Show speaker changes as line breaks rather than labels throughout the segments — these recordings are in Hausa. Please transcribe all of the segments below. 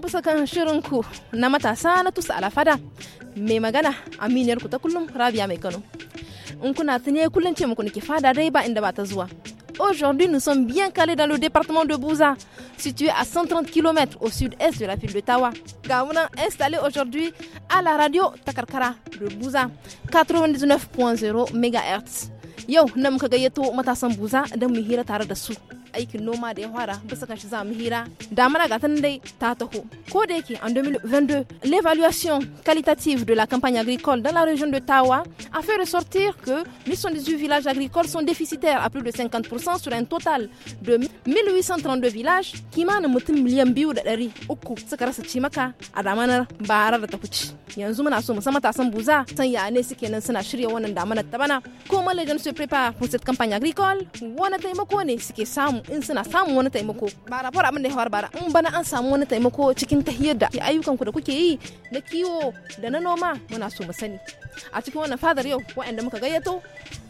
tattauna bisa kan shirinku na matasa na tusa alafada mai magana aminiyar ku ta kullum rabia mai kano in kuna tuni kullum ce muku nake fada dai ba inda ba ta zuwa Aujourd'hui, nous sommes bien calés dans le département de Bouza, situé à 130 km au sud-est de la ville de Tawa. Gamouna installé aujourd'hui à la radio Takarkara de Bouza, 99.0 MHz. Yo, namuka gayeto matasan Bouza, dan mu hira tare da su aikin noma da ya fara bisa kan shi za mu hira mana ga tan dai ta taho ko da yake en 2022 l'évaluation qualitative de la campagne agricole dans la région de Tawa a fait ressortir que 118 villages agricoles sont déficitaires à plus de 50% sur un total de 1832 villages mana mutum miliyan biyu da ɗari uku suka rasa cimaka a damanar bara da ta huce yanzu muna so mu san matasan buza san ya ne suke nan suna shirya wannan damanar ta bana ko malajan su prepare pour cette campagne agricole wani taimako ne suke samu in suna samun wani taimako ba rabuwar abin da ya bara in bana an samu wani taimako cikin tahiyar da ayyukan ku da kuke yi na kiwo da na noma muna so mu sani a cikin wannan fadar yau waɗanda muka gayyato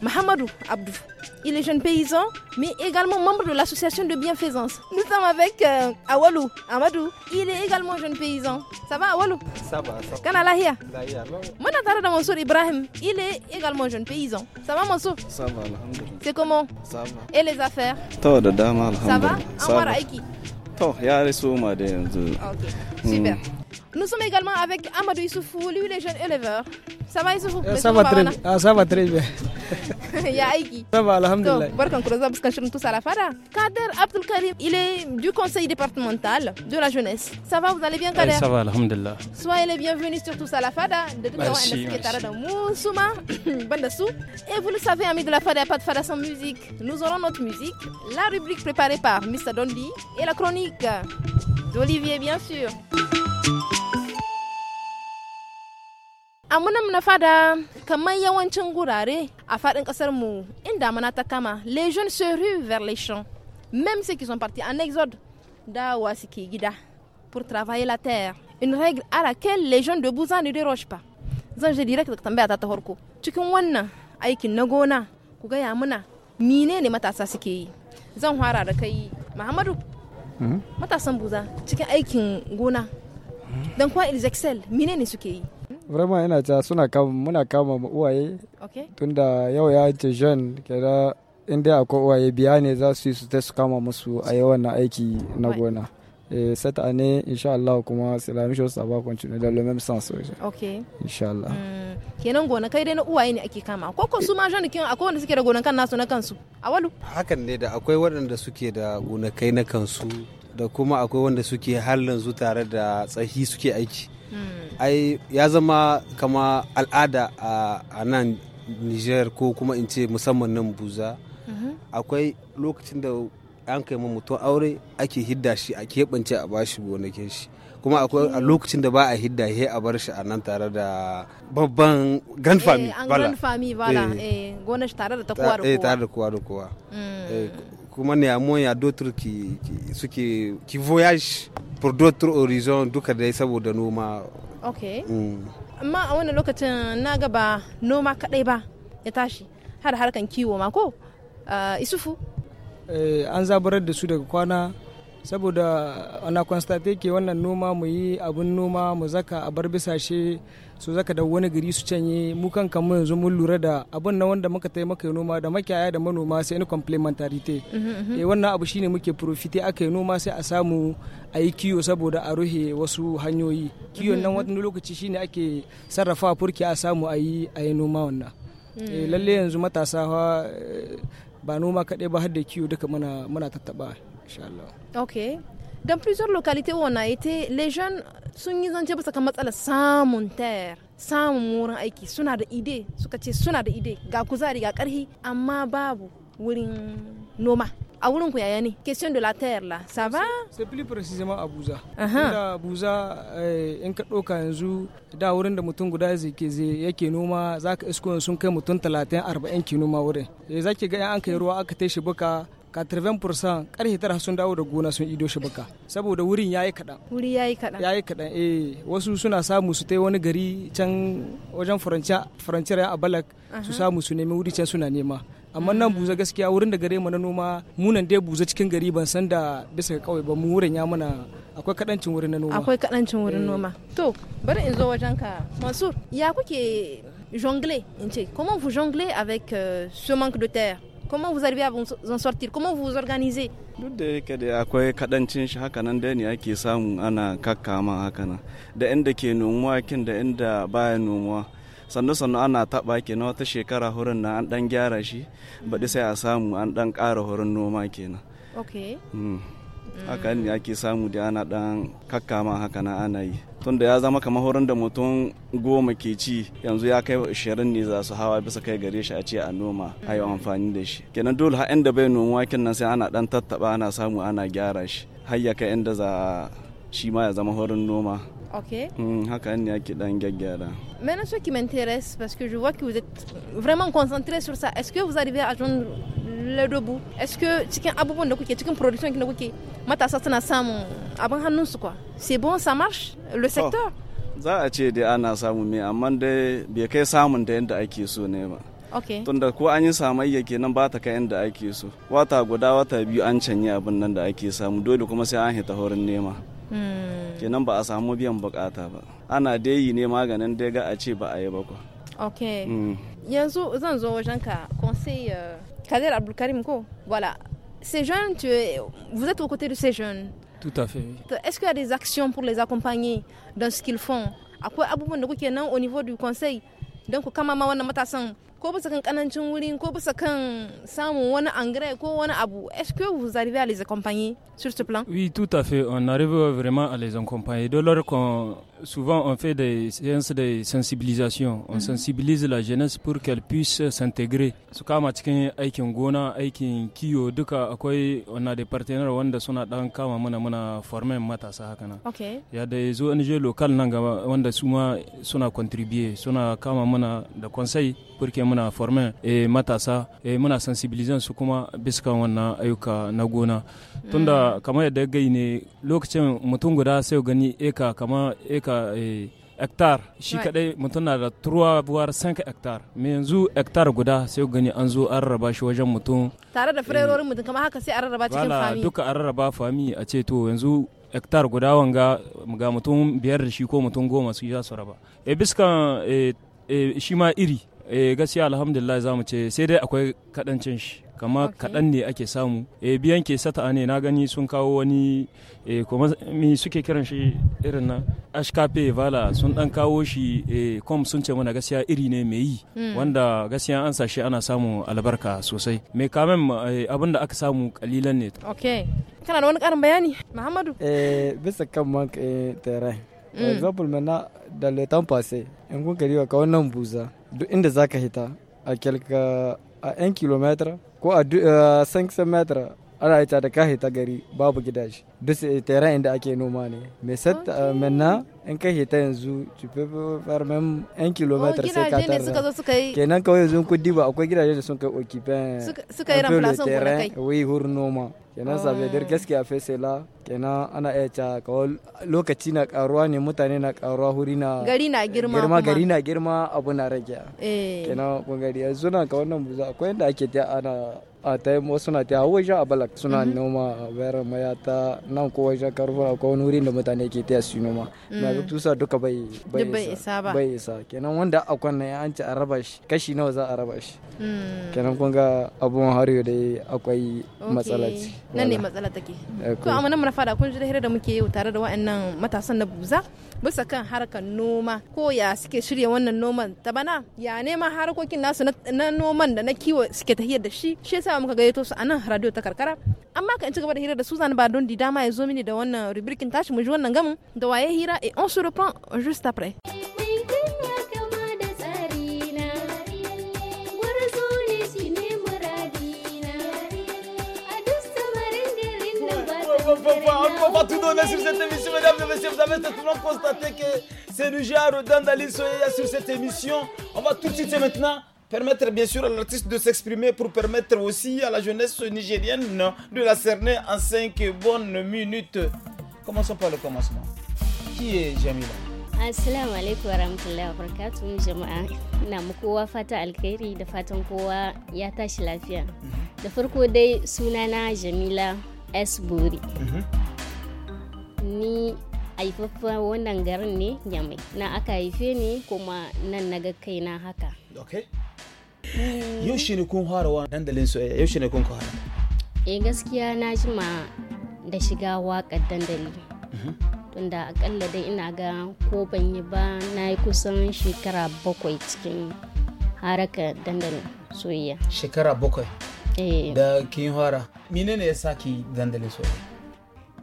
Muhammadu Abdu il est jeune paysan mais également membre de l'association de bienfaisance nous sommes avec euh, Awalou Amadou il est également jeune paysan ça va Awalu
ça va ça va kana lahiya lahiya
muna tare da Mansour Ibrahim il est également jeune paysan ça va Mansour ça va alhamdulillah c'est comment ça va et les affaires
dama alhamdulillah. An fara aiki? To, ya riso ma da yanzu.
Okay, super. Nous sommes également avec Amadou Issoufou, lui le jeune éleveur. Ça va Issoufou eh, ça, va très bien.
Ah, ça va très bien.
Ya
Ça va, alhamdoulilah.
Donc, tous à fada. Kader Abdelkarim, il est du conseil départemental de la jeunesse. Ça va, vous allez bien Kader eh, Ça va, alhamdoulilah. Soyez les bienvenus sur tous à la fada. De merci, merci. Et vous le savez, amis de la fada, pas de fada sans musique. Nous aurons notre musique, la rubrique préparée par Mr. Dondi et la chronique d'Olivier, bien sûr a muna munafa da kamar yawancin gurare a faɗin ƙasar mu inda damana ta kama les jeunes se ruent vers les champs même ceux qui sont partis en exode dawa suke gida pour travailler la terre une règle à laquelle les jeunes de Busan ne dérogent pas zan je direct da tambaya ta ta farko cikin wannan aikin na gona ku gaya muna mine ne matasa suke yi zan fara da kai Muhammadu hmm? matasan buza cikin aikin gona hmm? dan kuwa ils excellent mine ne suke yi
Vraiment yana ta suna kama muna kama ma uwaye. Tunda yau ya ce jeune kera in dai akwai uwaye biya ne za su yi su ta su kama musu a yawan na aiki na gona. Eh, ne insha allah kuma c'est la même chose, ça va continuer dans le même sens. Ok. Hmm,
kenan gona kai dai na uwaye ne ake kama. Ko ko su ma jeune kin akwai wanda suke da kan nasu na kansu. A walu.
Hakan ne da akwai waɗanda suke da gonakai na kansu da kuma akwai wanda suke halin zu tare da tsahi suke aiki. Hmm. ai ya zama kama al'ada a nan niger ko kuma in ce musamman nan buza mhm. akwai lokacin da an kai mutum aure ake hidda shi a keɓance a bashi gonakin shi kuma akwai a lokacin da ba a hidda he a bar shi a nan tare da babban grand family eh, bala grand family bala eh. eh,
gona shi tare da ta kowa da
tare da kowa da kowa hmm. kuma ne il y a d'autres qui, qui, qui, qui voyagent pour d'autres horizons duka dai saboda noma ok hmm.
amma a wannan lokacin na ga ba noma kadai ba ya tashi har harkan kiwo ma ko ah, isufu
eh, an zabarar da su daga kwana saboda ana constate ke wannan noma mu yi abun noma mu zaka a bar bisashe su zaka da wani gari su canye mu kan mu yanzu mun lura da abin na wanda muka taimaka yi noma da makiyaya da manoma sai ni complementarity mhm, mhm, mhm. eh wannan abu shine muke profite aka yi noma sai a samu a yi kiyo saboda a ruhe wasu hanyoyi kiyon nan wani lokaci shine ake sarrafa furki a samu a yi a yi noma wannan mm. eh lalle yanzu matasa eh, ba noma kaɗai ba har da kiyo duka muna muna insha Allah
okay Dans plusieurs localités où on a été, les jeunes sun yi zance bisa kan matsalar samun tayar samun wurin aiki suna da ide suka ce suna da ide ga kuzari ga karhi amma babu wurin noma a wurin ku yaya ne question de la terre la ça va c'est
plus précisément a buza uh-huh. inda buza eh, in ka ɗauka yanzu da wurin da mutum guda zai yake noma zaka isko sun kai mutum 30 40 ki noma wurin eh, zaki ga an kai ruwa aka tashi buka 80% karhe tara sun dawo da gona sun ido shi baka saboda wurin yayi kadan
wuri yayi kadan
yayi kadan eh wasu suna samu su tai wani gari can wajen faranciyar a balak su samu su nemi wuri can suna nema amma ah. nan buza gaskiya wurin da gare mu na noma munan dai buza cikin gari ban san da bisa kawai ba mu wurin ya mana akwai kadancin wurin
na noma akwai kadancin wurin eh. noma to bari in zo wajen ka Mansur ya kuke jongler in ce comment vous jonglez avec euh, ce manque de terre Comment vous arrivez à vous en sortir? Comment vous vous organisez?
Duk da yake da akwai kadancin shi haka nan da ni ake samu ana kakkama haka nan. Da inda ke nomuwa kin da inda baya nomuwa. sannu sannu ana ke na wata shekara hurin na an dan gyara shi baɗi sai a samu an dan ƙara hurin noma kenan. Okay. Mm. haka ne ake samu da ana dan kakkama haka na ana yi tunda ya zama kamar horon da mutum goma ke ci yanzu ya kai ishirin ne za su hawa bisa kai gare shi a ce a noma a yi amfani da shi kenan dole ha da bai nomi waken nan sai ana dan tattaba ana samu ana gyara shi har ya kai inda za shi ma ya zama horon noma Ok. Hmm,
Maintenant, ce qui m'intéresse, parce que je vois que vous êtes vraiment concentré sur ça, est-ce que vous arrivez à joindre le deux Est-ce que chicken abubon de cookie, une production de cookie, mata satana sam abanhanus quoi C'est bon, ça marche Le oh, secteur
za a ce dai ana samu me amma dai bai kai samun da yadda ake so ne ba tunda ko an yi samayya kenan ba ta kai yadda ake so wata guda wata biyu an canye abin nan da ake samu dole kuma sai an hita horin nema Hmm. kenan ba a samu biyan bukata ba ana dai yi ne maganin dai ga a ce ba a yi ba kwa
ok hmm. yanzu zan zo wajen ka conseil euh, kader abdulkarim ko voilà ces jeunes tu vous êtes aux côtés de ces jeunes tout à fait est-ce qu'il y a des actions pour les accompagner dans ce qu'ils font À quoi da kuke nan au niveau du conseil don ku kama ma wannan matasan est-ce que vous arrivez à les accompagner
sur ce plan oui tout à fait on arrive vraiment à les accompagner de leur Souvent, on fait des séances de sensibilisation. On mhm. sensibilise la jeunesse pour qu'elle puisse s'intégrer. Su kama cikin aikin gona, aikin kiyo duka akwai on a des partenaires wanda suna dan kama mana muna formen matasa haka nan. Okay. Ya da yanzu ONG local nan gaba wanda su ma suna contribuer, suna kama mana da conseil pour que muna formen e eh, matasa e muna sensibilizan su kuma biskan wannan ayyuka na gona. Tunda mm. kamar yadda gai ne lokacin mutum guda sai gani eka kama eka ka eh, hectare shi kadai mutum na da turuwa buwar 5 hectare me yanzu hectare guda sai gani an zo an rarraba shi wajen mutum
tare da firerorin eh, mutum kama haka sai an rarraba cikin fami duka
an rarraba fami a ce to yanzu hectare guda wanga ga mutum biyar da shi ko mutum goma su za su raba e biskan shi ma iri gaskiya alhamdulillah za mu ce sai dai akwai kadancin shi kama kaɗan ne ake samu e, biyan ke sata ne na gani sun kawo wani e, kuma mi suke kiran shi irin na ashkafe vala sun dan kawo shi e, kom sun ce mana gaskiya iri ne mai yi hmm. wanda gaskiya an sa shi ana samu albarka sosai mai kamen abin da aka samu kalilan ne
okay. kana da wani karin bayani muhammadu eh
bisa kan man
terrain hmm. example mana da le temps passé in kun kariwa ka wannan buza duk inda zaka hita a kelka a 1 kilometer Quoi, à 500 euh, mètres ana ita da kahe ta gari babu gidaje duk teren inda ake noma ne mai satta eh, manna in kahe ta yanzu cifefar mem yan kilomitar sai ka oh, tarra kenan kawai yanzu kun diba akwai gidaje da sun kai occupant suka yi ramfulasan kuma kai wai hur noma kenan oh, sabe dir gaskiya fesela kenan ana iya ta kawai lokaci na karuwa ne mutane na karuwa huri na gari na girma girma gari na girma abu na rage eh. kenan kun gari yanzu na kawai nan buza akwai inda ake ta ana a ta yi suna ta hawa wajen bala. suna mhm. noma a bayar mayata nan ko wajen karfura ko wani wurin da mutane ke taya su noma na ga mm. tusa duka bai isa ba bai isa kenan wanda a kwanan ya an ci a raba shi kashi nawa za a raba shi mm. kenan kun ga abun hariyo da akwai
matsala ce nan ne matsala take eh, to amma nan muna fada kun ji da da muke yau tare da wa'annan matasan na buza bisa kan harkar noma ko ya suke shirya wannan noman ta bana ya neman harkokin nasu na noman da na kiwo suke tahiyar da shi shi yasa muka gayyato su a radio ta karkara amma ka in ci gaba da hira da Susan ba don di dama e zo mini da wannan rubrikin tashi mu ji wannan gamu da waye hira et on se reprend juste après
on ne peut pas tout donner sur cette émission, mesdames et messieurs. Vous
avez temps constaté que c'est le Rodan Dalil sur cette émission. On va tout de suite maintenant permettre bien sûr à l'artiste de s'exprimer pour permettre aussi à la jeunesse nigérienne de la cerner en cinq bonnes minutes. Commençons par le commencement. Qui est Jamila
Assalamu alaikum warahmatullahi wabarakatuh jama'a ina muku wa fata alkhairi da fatan kowa ya tashi lafiya. Mhm. Da farko dai sunana Jamila S. Buri. Mhm. Ni haifaffen wannan garin ne Yamai. Na aka haife ni kuma nan na ga kaina haka. Mm. yaushe
ne kun fara wa dandalin soyayya yaushe ne kun fara
eh gaskiya na jima da shiga waƙar dandali mm-hmm. tunda akalla dai ina ga ko ban yi ba na yi kusan shekara bakwai cikin haraka dandalin soyayya
shekara bakwai eh. da kin fara menene ya saki dandalin soyayya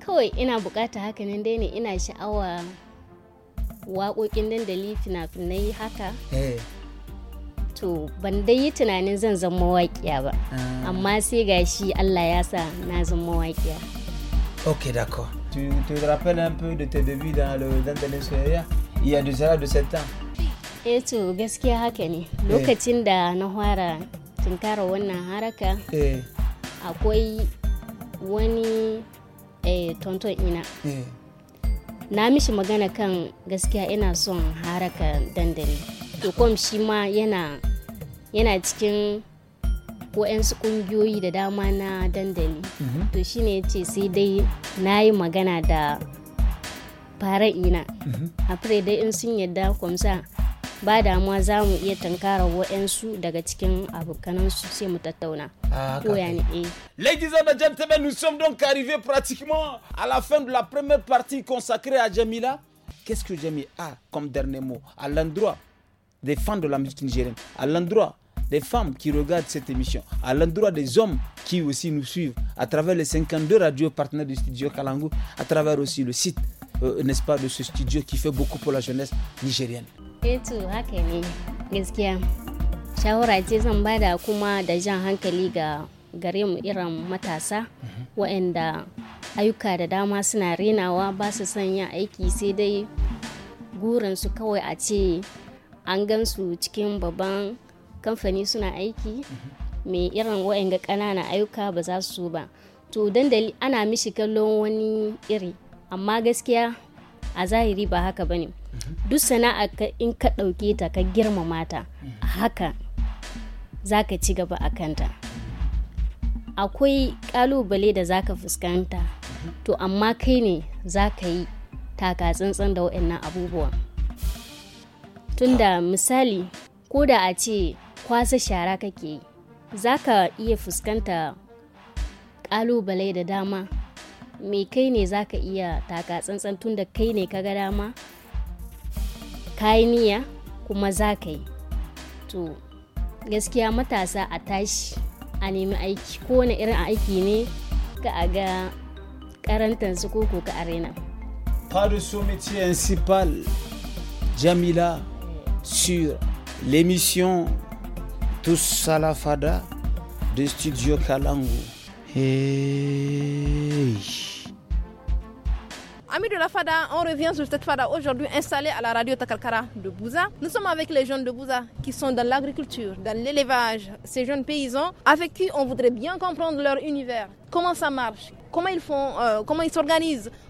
kawai ina bukata haka nan dai ne ina sha'awa waƙoƙin dandali fina-finai haka eh. to ban dai yi tunanin zan zama mawaƙiya ba ah. amma sai ga shi Allah ya sa na zama mawaƙiya
ok d'accord tu te rappelles un peu de tes débuts dans le dans le il y a déjà de sept ans
eh to gaskiya haka ne eh. lokacin da na fara tunkara wannan haraka eh. akwai wani eh, tonton ina na mishi magana kan gaskiya ina son haraka dandali to kwam shi ma yana yana cikin waɗansu kungiyoyi da dama na dandali mhm. to shine ya ce sai dai na yi magana da fara ina mhm. a dai in sun yadda kwamsa ba damuwa za mu iya tankara waɗansu daga cikin abokanansu sai mu tattauna ah, eh.
Ladies and gentlemen, nous sommes donc arrivés pratiquement à la fin de la première partie consacrée à Jamila. Qu'est-ce que Jamila a comme dernier mot à l'endroit des fans de la musique nigérienne, à l'endroit des femmes qui regardent cette émission, à l'endroit des hommes qui aussi nous suivent, à travers les 52 radios partenaires du studio Kalangu, à travers aussi le site, euh, n'est-ce pas, de ce studio qui fait beaucoup pour la jeunesse nigérienne.
Et tout, quest ce zan bada kuma da jan hankali ga gare mu irin matasa mhm. waɗanda Ayuka da dama suna renawa ba su son yin aiki sai dai gurinsu kawai a an gan su cikin babban kamfani suna aiki mai irin wa'anga ƙananan ayyuka ba za su ba to dandali ana mishi kallon wani iri amma gaskiya a zahiri ba haka ba ne duk sana'a in ka ɗauke ta ka girmama ta haka za ka ci gaba a kanta akwai ƙalubale da za ka fuskanta to amma kai ne za ka yi taka tsantsan da waɗannan abubuwa. tunda misali ko da a ce kwasa shara kake yi za ka iya fuskanta ƙalubale da dama me kai ne za ka iya taka tsantsan tunda kai ne kaga dama kayi kuma za ka yi to gaskiya matasa a tashi a nemi aiki ko wani irin aiki ne ka a ga karantar ko koko ka arena.
Paris principal Jamila sur l'émission Tous Salafada de Studio Kalangu.
Amis de la Fada, on revient sur cette Fada aujourd'hui installée à la radio Takalkara de Bouza. Nous sommes avec les jeunes de Bouza qui sont dans l'agriculture, dans l'élevage, ces jeunes paysans avec qui on voudrait bien comprendre leur univers. Comment ça marche Comment ils font euh, Comment ils s'organisent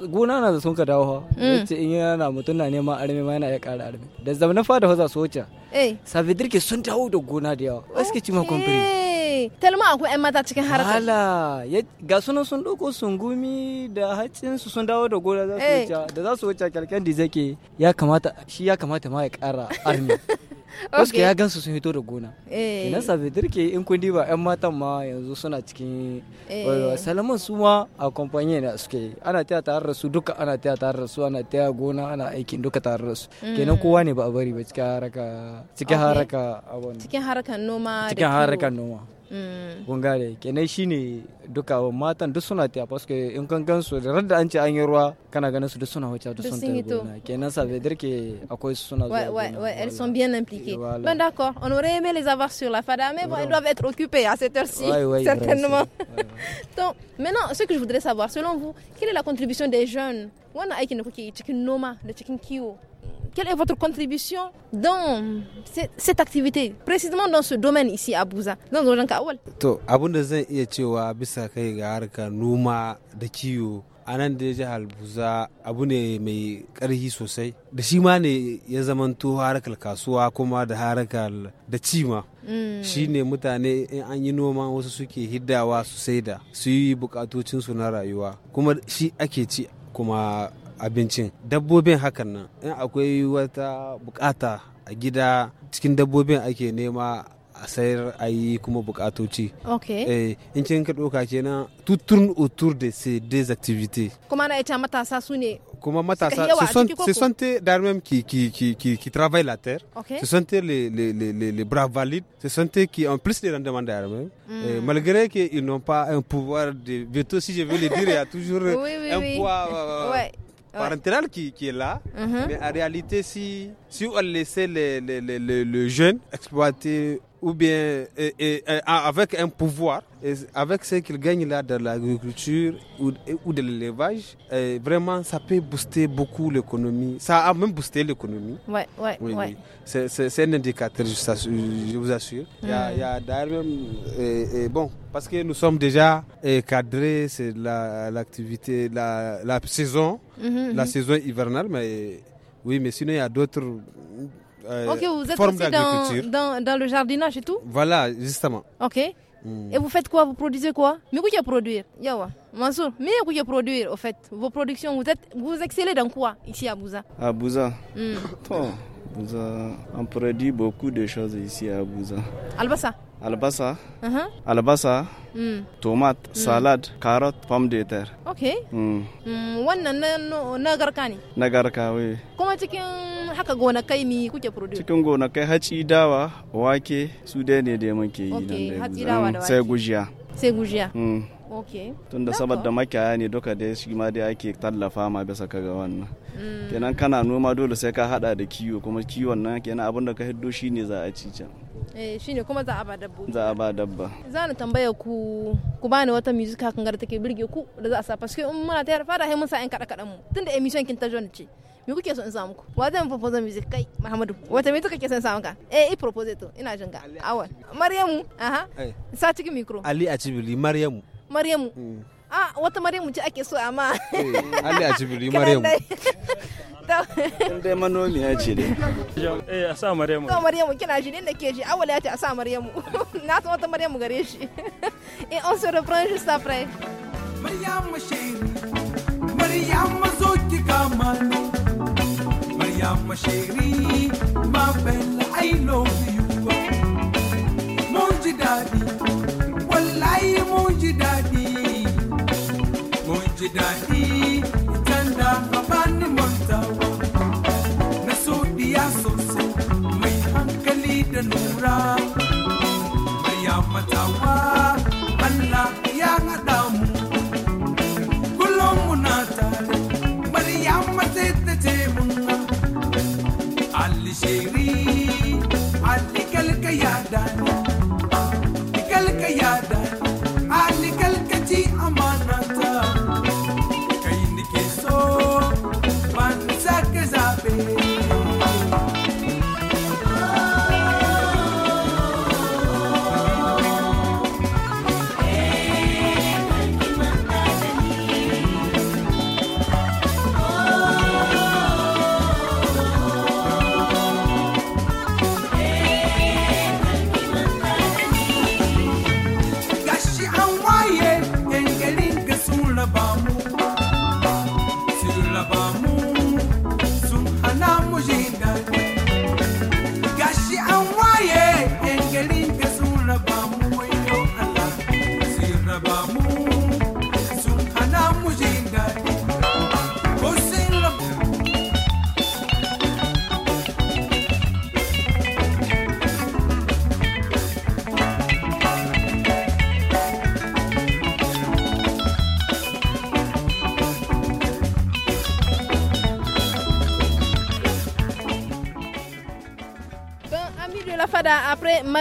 gona na da sun ka dawo ha mm. yace in yana mutum na neman arme ma yana ya ƙara arme da zamna fa da hoza soja ça eh. veut dire que sun dawo da gona da yawa que tu m'as
compris talma akwai 'yan mata cikin harkar
hala ga sunan sun sun sungumi da hatsin su sun dawo da gona za su eh. wuce da za su wuce kyalkyan da zake ya kamata shi ya kamata ma ya kara army Wasu ya su sun hito da gona. Ina eh. sabi dirke in kun diba 'yan matan ma yanzu suna cikin salaman su ma a kwamfaniya da suke ana taya tare da su duka ana taya tare da su ana taya gona ana aikin duka tare da su. Mm. Kenan kowa ne ba a bari ba cikin haraka cikin haraka abun
cikin harkar noma cikin harkar noma kun
mm. gane kenan shine duka matan duk suna tiya paske in kan gan su da radda an ce an yi ruwa kana ganin su duk suna wuce duk sun tafi kenan sa veut ke akwai su suna zuwa wai
ouais elles sont bien impliquées ben d'accord on aurait aimé les avoir sur la fada mais bon elles doivent être occupées à cette heure-ci certainement ouais, donc maintenant ce que je voudrais savoir selon vous quelle est la contribution des jeunes wannan aikin da kuke cikin noma da cikin kiwo quelle est votre contribution dans cette, activité, précisément dans ce domaine ici à Bouza, dans le Kawal
To, abunde zan iya cewa bisa kai ga harkar noma da kiwo a nan da jihar Buza abu ne mai karhi sosai da shi ma ne ya zamanto harkar kasuwa kuma da harkar da cima mm. shi ne mutane in an yi noma wasu suke hiddawa su saida su yi bukatocinsu na rayuwa kuma shi ake ci kuma abincin dabbobin hakan nan in akwai wata bukata a gida cikin dabbobin ake nema a sayar a yi kuma bukatoci.
Ok. Eh,
in kin ka doka kenan tout tourne autour de ces deux activités.
Kuma na ita matasa su ne.
Kuma matasa ce sont ce sont d'armes qui qui qui qui qui travaillent la terre. Okay. Ce sont les les les les, les bras valides. Ce sont qui en plus de rendement d'armes. Mm. Eh, malgré qu'ils n'ont pas un pouvoir de veto si je veux le dire, il y a toujours oui, oui, un oui. poids. Euh, ouais parentale qui, qui, est là. Mhm. Mais en réalité, si, si on laissait les le jeune exploiter ou bien avec un pouvoir, avec ce qu'ils gagnent là de l'agriculture ou, ou, de l'élevage, vraiment ça peut booster beaucoup l'économie. Ça a même boosté l'économie.
Ouais, ouais, oui, ouais. oui.
C'est un indicateur, je, vous assure. Il y a, hmm. d'ailleurs même. bon, parce que nous sommes déjà cadrés, c'est l'activité, la, la, saison, mhm, la mhm. saison hivernale, mais oui, mais sinon il y a d'autres euh, ok, vous êtes aussi
dans, dans, le jardinage et tout
Voilà, justement. Ok. Hmm. Et vous
faites quoi Vous produisez quoi Mais vous produire Yawa. Mansour, mais vous produire au fait Vos productions, vous, êtes, vous excellez dans quoi ici à Bouza À Bouza hmm.
On produit beaucoup de choses ici à Bouza. ça. albasa uh-huh. albasa mm. tomat mm. salad carrot pomme de terre ok mm.
wannan na garka ne
na garka wai
kuma cikin haka gonakai mi kuke produce
cikin gonakai haci dawa wake su dai ne da muke yi nan sai gujiya
sai gujiya Okay. tun da saboda
makiyaya ne duka da shi ma dai ake tallafa ma bisa kaga wannan kenan kana noma dole sai ka hada da kiwo kuma kiwon nan kenan abinda ka hiddo shi ne za a ci can
eh shine kuma za a ba dabba
za a ba dabba
za ni tambaya ku ku bani wata music hakan gar take birge ku da za a sa paske in muna tayar fara sai mun sa in kada kada mu tunda emission kin ta jona ce me kuke so in sa muku wa zan propose music kai Muhammadu wata me kake son sa maka eh i propose to ina jin ga awal Maryamu aha sa cikin micro
Ali cibili Maryamu Maryamu mm.
a ah, wata Maryam ji ake so amma Allah ya
jibiri Maryam dai manomiya ce ne eh a sa Maryamu to
Maryamu kina ji ne da ke ji awala ya a sa Maryamu na san wata Maryamu gare shi in on se reprend juste après
Maryamu shiri Maryamu zo ki kama ni Maryamu shiri ma bella i love you mon ji dadi Nura.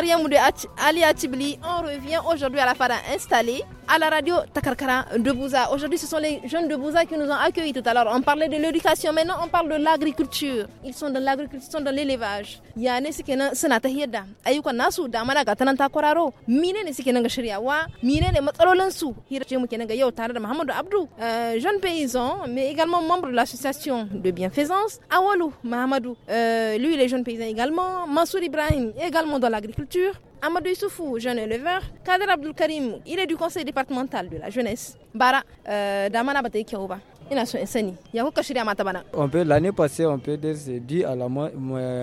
Mariam de Ali On revient aujourd'hui à la Fada installée à la radio Takarkara de Bouza. Aujourd'hui, ce sont les jeunes de Bouza qui nous ont accueillis tout à l'heure. On parlait de l'éducation, maintenant on parle de l'agriculture. Ils sont dans l'agriculture, ils sont dans l'élevage. a sikena sanata hiyada. Ayuka nasu da mana y a kwararo. Mine ne sikena ga shiryawa, mine ne matsalolin su. Hira ce muke ga yau tare da Muhammadu Abdu, euh, jeune paysan mais également membre de l'association de bienfaisance Awalou Mahamadou. Euh, lui il est jeune paysan également, Mansour Ibrahim également dans l'agriculture. Amadou Issoufou, jeune éleveur. Kader Abdul Karim, il est du conseil départemental de la jeunesse. Bara, euh, Damana Kiaouba.
On peut l'année passée, on peut dire c'est dû à la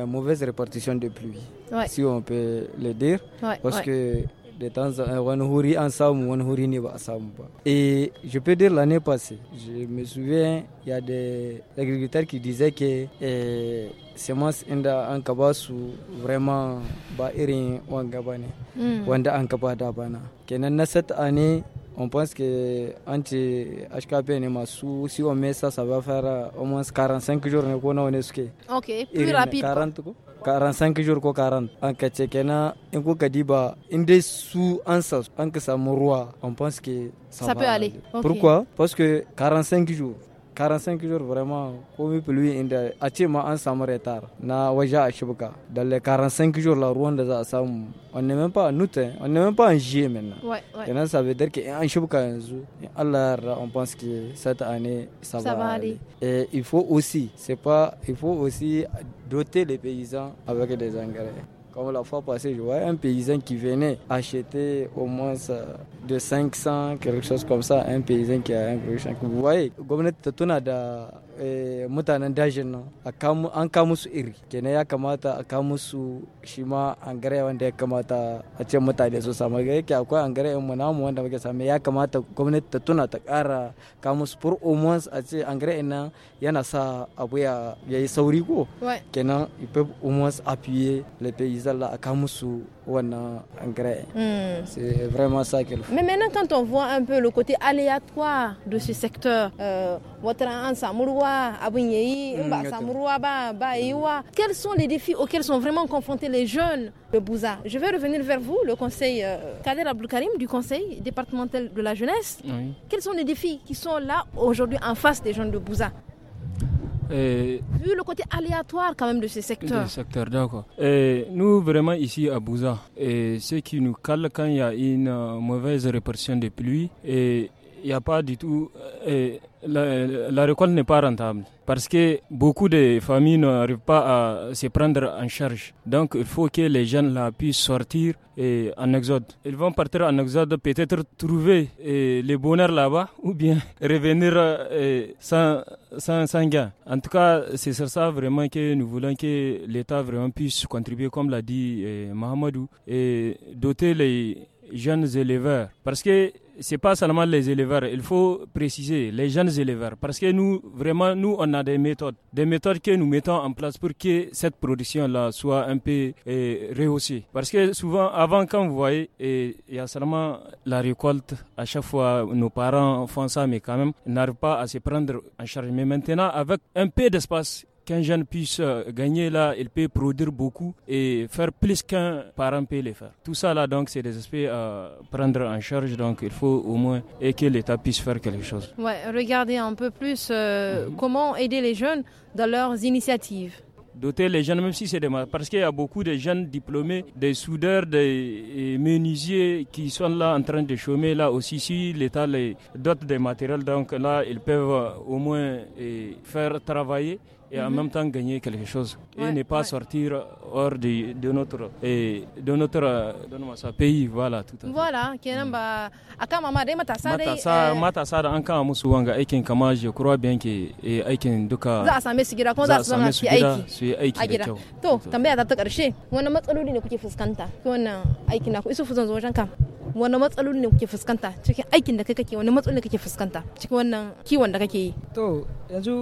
mauvaise répartition de pluie, si on peut le dire, parce que de temps un temps, on samu wani huri ensemble ba a et je peux dire l'année passée je me souviens il y a des agriculteurs qui disaient que les eh, semence inda an vraiment ba irin wanga hmm. wanda an da bana kenan cette année on pense que anti HKP ne masu si on met ça ça va faire eh, au moins 45 jours ne ko nawa ok plus rapide 40 45 jours ko 40 En Kachekena, ce kenan en kuka un in en sa en on pense que ça, ça peut aller. Pourquoi Parce que 45 jours 45 jours vraiment il pluie inda a ce ma en samaretar, retard na waja a Dans les 45 jours la roue on n'est même pas en août hein. on ne même pas en juillet maintenant ouais, ouais. et là ça veut dire que en shibka un jour, alors on pense que cette année ça, va, aller. et il faut aussi c'est pas il faut aussi doter les paysans avec des engrais comme la fois passée, je voyais un paysan qui venait acheter au moins euh, de 500, quelque chose comme ça, un paysan qui a un gros Vous voyez, eh, mutanen dajin nan an ka musu iri kenan ya kamata a ka musu shi ma angare wanda ya kamata a ce mutane su samu ga yake akwai angare mu namu wanda muke samu ya kamata gwamnati ta tuna ta kara ka musu for almost a ce angare nan yana sa abu ya yi sauri ko kenan ipe almost appuyer les paysans là a ka musu wannan engrais. Mm. C'est vraiment ça qu'il faut.
Mais maintenant, quand on voit un peu le côté aléatoire de ce secteur, euh, Mm, quels sont les défis auxquels sont vraiment confrontés les jeunes de Bouza je vais revenir vers vous le conseil euh, Kader Abdoukarim du conseil départemental de la jeunesse quels sont les défis qui sont là aujourd'hui en face des jeunes de Bouza euh, Vu le côté aléatoire quand même de ces secteurs.
d'accord. Euh, nous, vraiment ici à Bouza, et ce qui nous cale quand il y a une mauvaise répartition des pluies, et il n'y a pas du tout. Euh, la, récolte n'est pas rentable parce que beaucoup de familles n'arrivent pas à se prendre en charge. Donc il faut que les jeunes là puissent sortir en exode. Ils vont partir en exode, peut-être trouver euh, le bonheur là-bas ou bien revenir euh, sans, sans, gain. En tout cas, c'est sur ça vraiment que nous voulons que l'État vraiment puisse contribuer, comme l'a dit Mahamadou, et doter les jeunes éleveurs. Parce que c'est pas seulement les éleveurs, il faut préciser les jeunes éleveurs. Parce que nous, vraiment, nous, on a des méthodes. Des méthodes que nous mettons en place pour que cette production-là soit un peu euh, rehaussée. Parce que souvent, avant, quand vous voyez, il y a seulement la récolte. À chaque fois, nos parents font ça, mais quand même, ils n'arrivent pas à se prendre en charge. Mais maintenant, avec un peu d'espace, qu'un jeune puisse euh, gagner là, il peut produire beaucoup et faire plus qu'un parent peut le faire. Tout ça là, donc, c'est des aspects à euh, prendre en charge. Donc, il faut au moins et que l'État puisse faire quelque chose.
regardez un peu plus euh, mhm. comment aider les jeunes dans leurs initiatives
doter les jeunes, même si c'est des parce qu'il y a beaucoup de jeunes diplômés, des soudeurs, des menuisiers qui sont là en train de chômer là aussi. Si l'État les dote des matériels, donc là, ils peuvent au moins faire travailler et en même temps gagner quelque chose et ne pas sortir hors de, de notre et eh, de notre de pays voilà tout à fait
voilà kenan mm. akama ma dai matasa dai matasa eh.
matasa da an kama musu wanga aikin kama je kura biyan ke eh, aikin duka za a
same su gida kuma za su zama su
su yi aiki da kyau to tambaya
ta ta karshe wani matsaloli ne kuke fuskanta wannan aikin naku isu zan zo wajen ka wani matsalolin ne kuke fuskanta cikin aikin da kake wani matsaloli kake fuskanta cikin wannan kiwon da kake yi to yanzu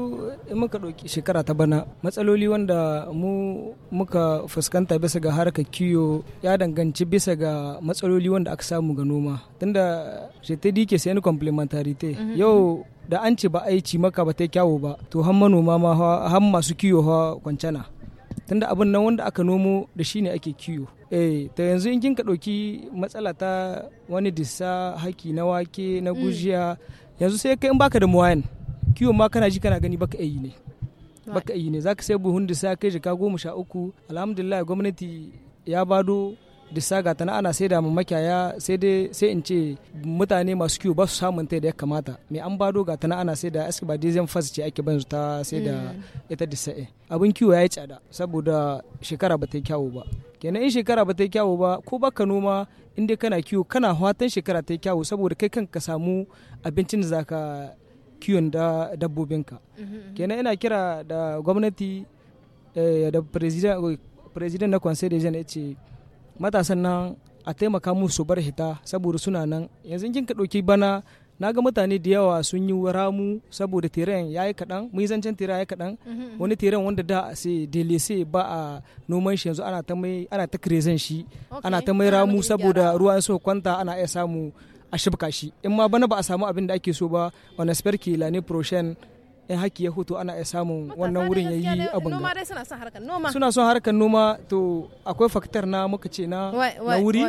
in muka ɗauki
shekara ta bana matsaloli wanda mu muka fuskanta bisa ga harkar kiwo ya danganci bisa ga matsaloli wanda aka samu ga noma tunda dike sai ni complementarity mhm. yau da an ci ba aici maka ba ta kyawo ba to har manoma ma har masu kiwo ha kwancana tunda abin nan wanda aka nomo da shi ne ake kiwo eh ta yanzu in kinka ɗauki matsala ta wani disa, haki na wake na mm. gujiya yanzu sai kai in baka da muwayan kiwon ma kana ji kana gani baka yi ne baka yi ne zaka sai buhun dissa kai ka goma sha uku alhamdulillah gwamnati ya bado Disa ga tana ana saida mu makiyaya sai dai sai in ce mutane masu kiwo ba su samun ta da ya kamata mai an bado ga tana ana saida da ba dizem fas ce ake banzu ta saida mm. ita disa e abin kiwo yi tsada saboda shekara ba ta yi kyawu ba kenan in shekara ba ta yi kyawu ba ko baka noma in dai kana kiwo kana fatan shekara ta yi kyawu saboda kai kan ka samu abincin da zaka kiwon da dabbobinka mm-hmm. kenan ina kira da gwamnati eh, da president na conseil de jeunes ce matasan nan a taimaka musu su bar hita saboda suna nan yanzu kin ka ɗauki bana na ga mutane da yawa sun yi ramu saboda tiren ya yi kaɗan mun zancen tira ya yi kaɗan mm-hmm. wani tiren wanda da sai delese ba a noman shi yanzu ana ta mai ana ta kirezan shi ana ta mai ramu saboda ruwa su kwanta ana iya samu a shibka shi in ma bana ba a samu abin da ake so ba on esperki lane proshen in haki ya hutu ana samun wannan wurin ya yi abin noma suna son harkar noma to akwai faktar na muka ce na wuri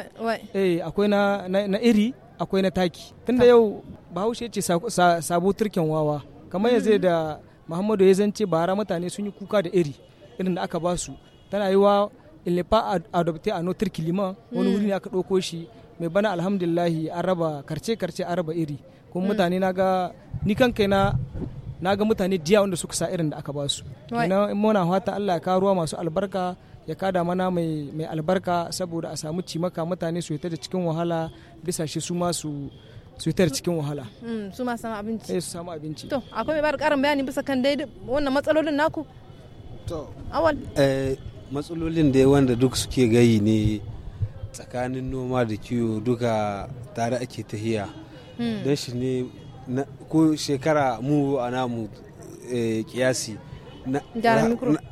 eh, akwai na iri akwai na taki tunda yau bahaushe ce sabo turken wawa kamar yanzu mm-hmm. da muhammadu ya zance bara mutane sun yi kuka da iri irin da aka ba su tana yi wa a adopte a notar kilima wani wuri mm. ne aka ɗauko shi mai bana alhamdulillahi an raba karce karce a raba iri kuma mm. mutane na ga ni kan na na ga mutane diya wanda suka sa irin da aka ba su ina muna fata Allah ya kawo ruwa masu albarka ya kada mana mai mai albarka saboda a samu cimaka mutane su ta da cikin wahala bisa shi su ma su yi ta da cikin wahala
mm, su ma samu abinci eh su samu abinci to akwai mai bada karin bayani bisa kan dai wannan matsalolin naku to awal
eh matsalolin da wanda duk suke gayi ne tsakanin noma da kiwo duka tare ake tahiya hmm. don shi ne ko shekara mu a namu eh, kiyasi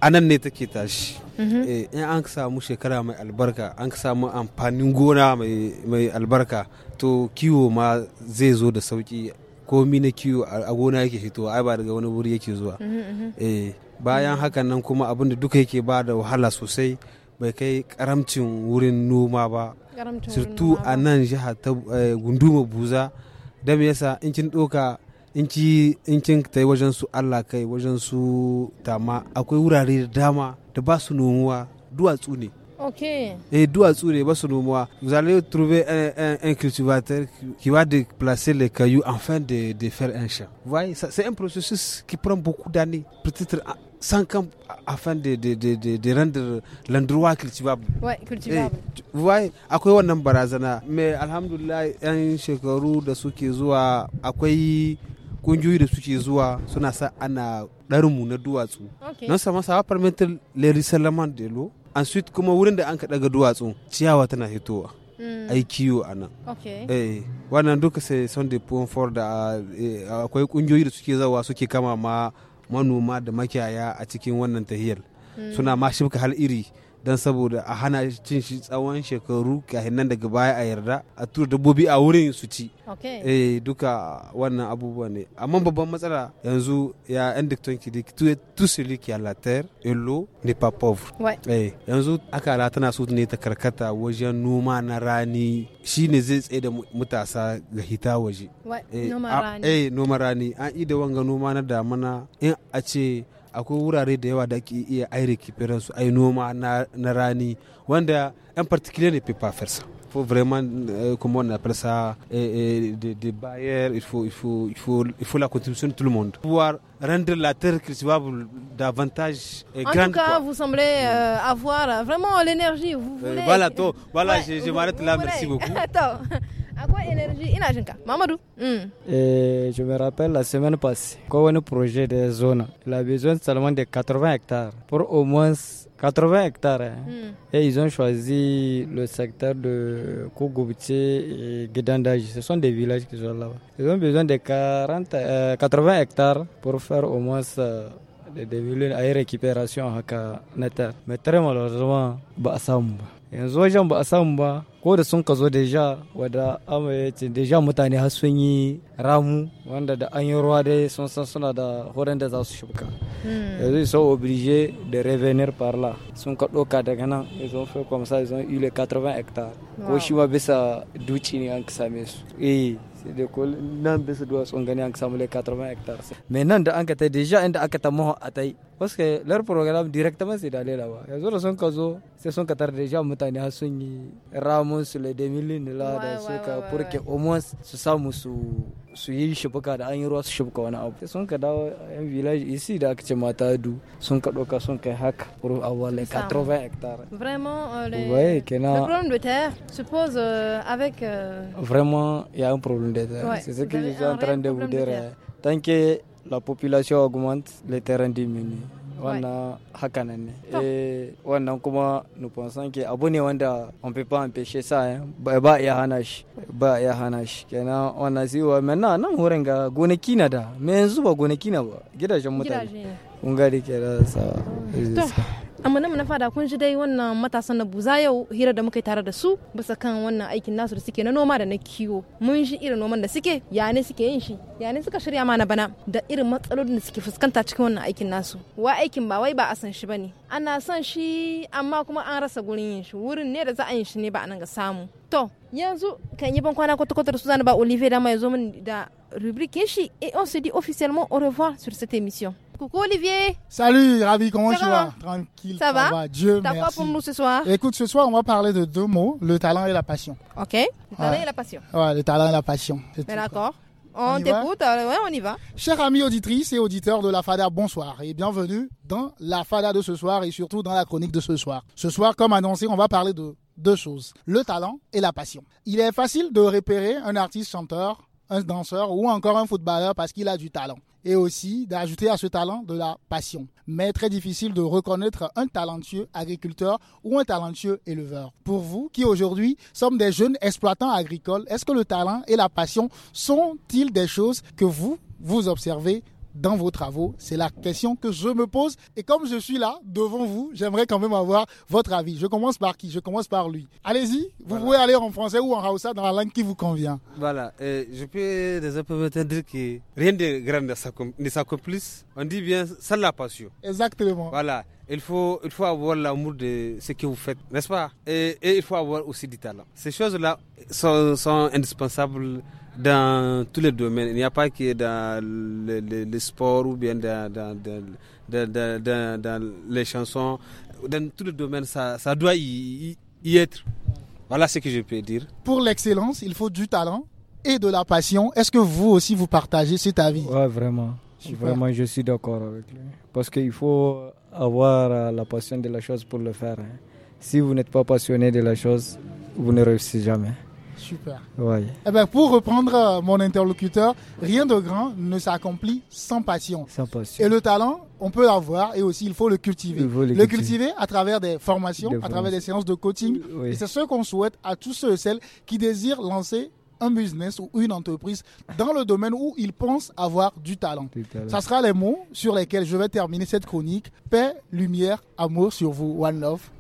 a nan ne take tashi mhm. eh, in an samu shekara mai albarka an samu amfanin gona mai albarka to kiwo ma zai zo da sauki komi na kiwo a gona yake fitowa ai ba daga wani wuri yake zuwa mhm, mhm. Eh, bayan hakan nan kuma abinda duka yake ba da wahala sosai bai kai karamcin wurin noma ba
surtu a
nan jiha ta gunduma buza don yasa in kin ɗoka in ci in kin ta wajen su Allah kai wajen su tama akwai wurare da dama da ba su nomuwa duwatsu ne Ok. Et eh, duwatsu ne ba nomuwa. Vous allez trouver un, un, un cultivateur qui va déplacer les cailloux afin de, de faire un champ. Vous voyez, c'est un processus qui prend beaucoup d'années, peut-être sans camp afin de, de, de, de de rendre l'endroit cultivable.
Oui, cultivable.
Eh, vous voyez, akwai wannan barazana. Mais alhamdulillah 'yan shekaru da suke zuwa akwai kungiyoyi da suke zuwa suna sa ana ɗarinmu na duwatsu. Non ça sa permettre le reselement de l'eau. Ensuite kuma wurin da an ka daga duwatsu ciyawa tana hitowa. Hmm. ai kiwo a nan eh, wannan duka sai son da forward eh, da akwai kungiyoyi da suke zawa suke kama ma manoma da makiyaya a cikin wannan tahiyar hmm. suna ma shifka hal iri don saboda a hana cin shi tsawon shekaru kahin nan daga baya a yarda a tura dabbobi a wurin su ci eh duka wannan abubuwa ne amma babban matsala yanzu ya yan dikton ki dik tu celui qui a la terre et l'eau n'est eh, yanzu aka tana so ne ta karkata wajen noma na rani shine zai tsaye da matasa ga hita waje eh, eh noma rani an ida wanga noma na damana in a ce akwai wurare da yawa da ake iya ai recuperation su ai noma na rani wanda yan particular ne paper first faut vraiment euh, comment on appelle ça euh, euh, des, des bailleurs il faut il faut il faut il faut la contribution de tout le monde pour pouvoir rendre la terre cultivable davantage et en grande, tout cas quoi.
vous semblez euh, avoir vraiment l'énergie vous voulez... voilà, tôt,
voilà ouais, je, je m'arrête là voulez. merci beaucoup
quoi energy Mamadou. Mm. et
eh, je me rappelle la semaine passée quand on a un projet de zone il a besoin seulement de 80 hectares pour au moins 80 hectares hein. mm. et ils ont choisi le secteur de Kogouti et Gedandaji. ce sont des villages qui sont là ils ont besoin de 40, 80 euh, hectares pour faire au moins des villes à récupération à Mais très malheureusement, ba y a un projet ko da sun ka zo deja wadda amma ya deja mutane har sun yi ramu wanda da an yi ruwa dai sun san suna da horon da za su shuka hmm. yanzu sun oblige da revenir parla sun ka ɗauka daga nan yanzu fi kwamsa yanzu ile 80 hectare ko shi ma bisa duci ne an same su eh sai dai ko nan bisa duwatsun gani an samu le 80 hectares mais nan da an ka tai deja inda aka ta maho a tai parce que leur programme directement c'est d'aller là-bas yanzu da sun ka zo sai sun ka tar deja mutane har sun yi ramu les 2000 milin da da suka moins ce su samu su su yi shibuka an yi su village ici da son mata du son ka pour avoir les 80 hectares
vraiment euh, le problème de terre se pose euh, avec euh,
vraiment il y a un problème de terre c'est ce que je suis en train de vous dire hein. tant que la population augmente les terrains diminuent wannan hakanan ne eh, wannan kuma nufansan ke abu ne wanda on paper an peshe sa ba iya hana shi ba iya hana shi kenan wannan siwa men na nan horon ga gonaki na da me yanzu ba gonaki na ba gidajen mutane kun gari sa
amma na fada kun ji dai wannan matasan na buza yau hira da muka yi tare da su bisa kan wannan aikin nasu da suke na noma da na kiwo mun ji irin noman da suke ya ne suke yin shi ya ne suka shirya mana bana da irin matsalolin da suke fuskanta cikin wannan aikin nasu wa aikin ba wai ba a san shi bane ana son shi amma kuma an rasa gurin yin shi wurin ne da za a yin shi ne ba a nan ga samu to yanzu kan yi ban kwana kwata-kwata da su zana ba olivier da ya zo min da rubrique shi et on se officiellement au revoir sur cette émission Coucou Olivier.
Salut, ravi, comment tu vas
Tranquille. Ça, va, Dieu merci. T'as quoi pour nous ce soir
Écoute, ce soir, on va parler de deux mots, le talent et la passion.
Ok, le talent et la passion.
Ouais, le talent et la passion. Ben
d'accord. On, t'écoute, euh, on y va.
Chers amis auditrices et auditeurs de la FADA, bonsoir et bienvenue dans la FADA de ce soir et surtout dans la chronique de ce soir. Ce soir, comme annoncé, on va parler de deux choses, le talent et la passion. Il est facile de repérer un artiste chanteur, un danseur ou encore un footballeur parce qu'il a du talent et aussi d'ajouter à ce talent de la passion. Mais très difficile de reconnaître un talentueux agriculteur ou un talentueux éleveur. Pour vous, qui aujourd'hui sommes des jeunes exploitants agricoles, est-ce que le talent et la passion sont-ils des choses que vous, vous observez dans vos travaux C'est la question que je me pose. Et comme je suis là, devant vous, j'aimerais quand même avoir votre avis. Je commence par qui Je commence par lui. Allez-y, vous pouvez aller en français ou en Hausa, dans la langue qui vous convient.
Voilà, euh, je peux déjà peut-être dire que rien de grand ne s'accomplisse. On dit bien c'est la passion.
Exactement.
Voilà. Il faut, il faut avoir l'amour de ce que vous faites, n'est-ce pas et, il faut avoir aussi du talent. Ces choses-là sont, sont indispensables dans tous les domaines. Il n'y a pas que dans le, le, sport ou bien dans, dans, dans, dans, les chansons. Dans tous les domaines, ça, doit y, être. Voilà ce que je peux dire.
Pour l'excellence, il faut du talent et de la passion. Est-ce que vous aussi, vous partagez cet avis
Oui, vraiment. Vraiment, je suis d'accord avec lui. Parce qu'il faut avoir euh, la passion de la chose pour le faire. Hein. Si vous n'êtes pas passionné de la chose, vous ne réussissez jamais. Super. Ouais.
Eh ben, pour reprendre euh, mon interlocuteur, rien de grand ne s'accomplit sans passion. Sans passion. Et le talent, on peut l'avoir et aussi il faut le cultiver. le cultiver. à travers des formations, à travers des séances de coaching. Et c'est ce qu'on souhaite à tous ceux et celles qui désirent lancer un business ou une entreprise dans le domaine où ils pensent avoir du talent. du talent. Ça sera les mots sur lesquels je vais terminer cette chronique. Paix, lumière, amour sur vous. One love.